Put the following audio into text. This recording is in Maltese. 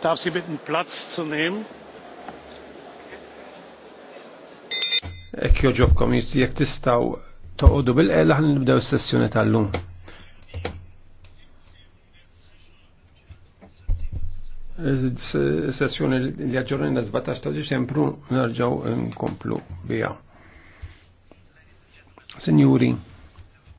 darf sie bitten platz zu nehmen. Ekk joġobkom jek tistaw toqodu bil-qela ħan nibdew is-sessjoni tal-lum. Sessjoni li aġġornina 17 ta' Diċembru nerġgħu nkomplu biha. Signori,